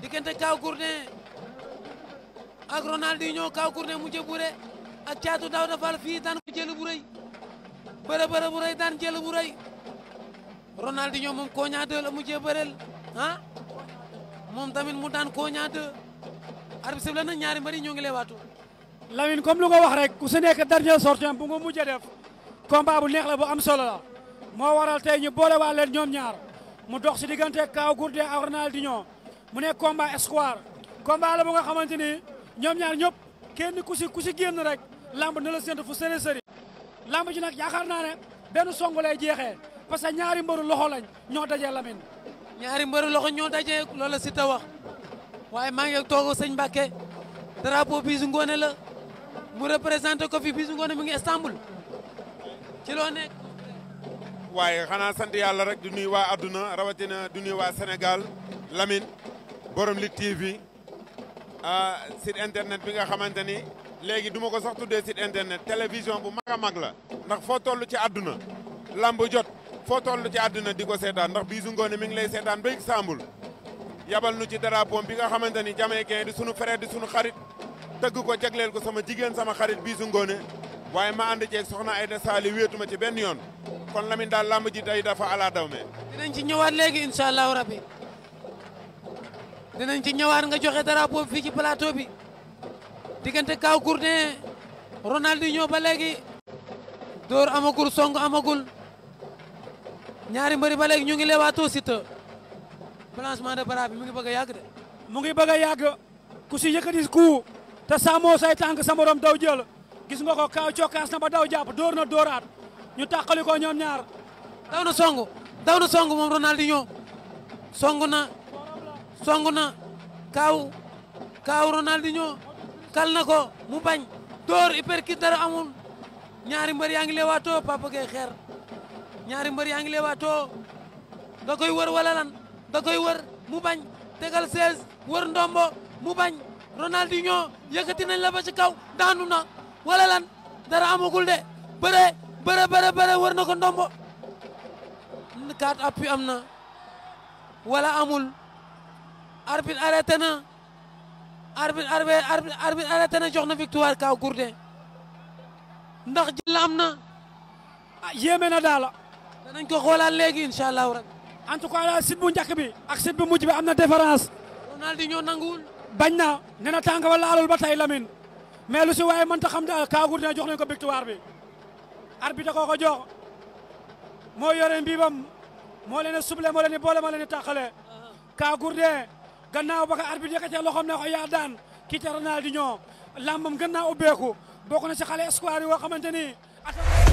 diggante Kaw Gourdin ak Ronaldinho Kaw Gourdin mu jëb bu re ak caatu Daouda Fall fii daan jël bu rëy daan jël bu rëy moom Konia 2 la mu jëb ah, moom tamit mu daan Konia 2 arbitre bi la ñaari mbari ñoo ngi lay waatu Lamine comme lu nga wax rek ku si nekk dernier bu nga mujjee def combat bu neex la bu am solo la moo waral tey boole waa leen ñoom ñaar mu dox si diggante Kaw Gourdin ak Ronaldinho mu nekk combat espoir combat la bu nga xamante ni ñoom ñaar ñëpp kenn ku si ku si génn rek lamb na la séntu fu sëri sëri lamb ji nag yaakaar naa ne benn song lay jeexee parce que ñaari mbëru loxo lañ ño dajee Lamine. ñaari mbëru loxo ñoo dajee loolu la Siteu wax waaye maa ngi toog sëñ Mbacke drapeau Bijou Ngoné la mu représenté ko fi Bijou Ngoné mi ngi Istanbul ci loo waaye xanaa sant yàlla rek du nuy waa àdduna rawatina du nuy waa Sénégal lamin borom li TV ah internet bi nga xamante ni léegi duma ko sax tuddee site internet télévision bu mag a mag la. ndax foo toll ci àdduna lamb jot foo toll ci àdduna di ko seetaan ndax biisu ngoone mi ngi lay seetaan ba Istanbul yabal nu ci drapeau bi nga xamante ni jamaïcain di sunu frère di sunu xarit tëgg ko jagleel ko sama jigéen sama xarit Bijou ngoone waaye ma ànd jeeg soxna Aida Sali wéetuma ci benn yoon kon Lamine daal làmb ji day dafa ala daw me dinañ ci ñëwaat léegi incha allahu rabbi dinañ ci ñëwaat nga joxe dara boobu fii ci plateau bi diggante Kaw Gourdin Ronaldinho ba léegi dóor amagul song amagul ñaari mbëri ba léegi ñu ngi leewaatoo Siteu balancement de bras bi mu ngi bëgg a yàgg de mu ngi bëgg a yàgg ku si yëkkati ku te sàmmoo say tànk sa morom daw jël gis nga ko kaw cokkaas na ba daw jàpp dóor na dooraat ñu tàqali ko ñoom ñaar. daw na songu daw na songu moom Ronaldinho songu na songu na kaaw kaaw Ronaldinho kal ko mu bañ dóor uppercut dara amul ñaari mbër yaa ngi leewaatoo Papa Gueye ñaari mbër yaa ngi leewaatoo da koy wër wala lan da koy wër mu bañ tegal 16 wër ndombo mu bañ Ronaldinho yëkkati nañ la ci kaw daanu na. wala lan dara amagul de bëre bëre bëre bëre war na ko ndombo quatre appui am na wala amul arbitre arrêté na arbitre arbitre arbitre arrêté na jox na victoire Kaw Gourdin ndax jël am na ah, yéeme na daala danañ ko xoolaal léegi incha allahu rabbi en tout cas daal sit bu njëkk ak sit bu mujj bi am na différence Ronaldinho nanguwul bañ na ne na tànk wala ba tey Lamine mais lu si waaye mënta xam daal Kaagour ne jox nañ ko victoire bi arbitre koo ko jox moo yore mbiibam moo leen suble moo leen boole moo leen tàqale Kaagour ne gannaaw ba ko arbitre yëkkatee loxoom ne ko yaa daan kii ca Ronaldinho lambam gën naa ubbeeku si xale espoir yi woo xamante ni.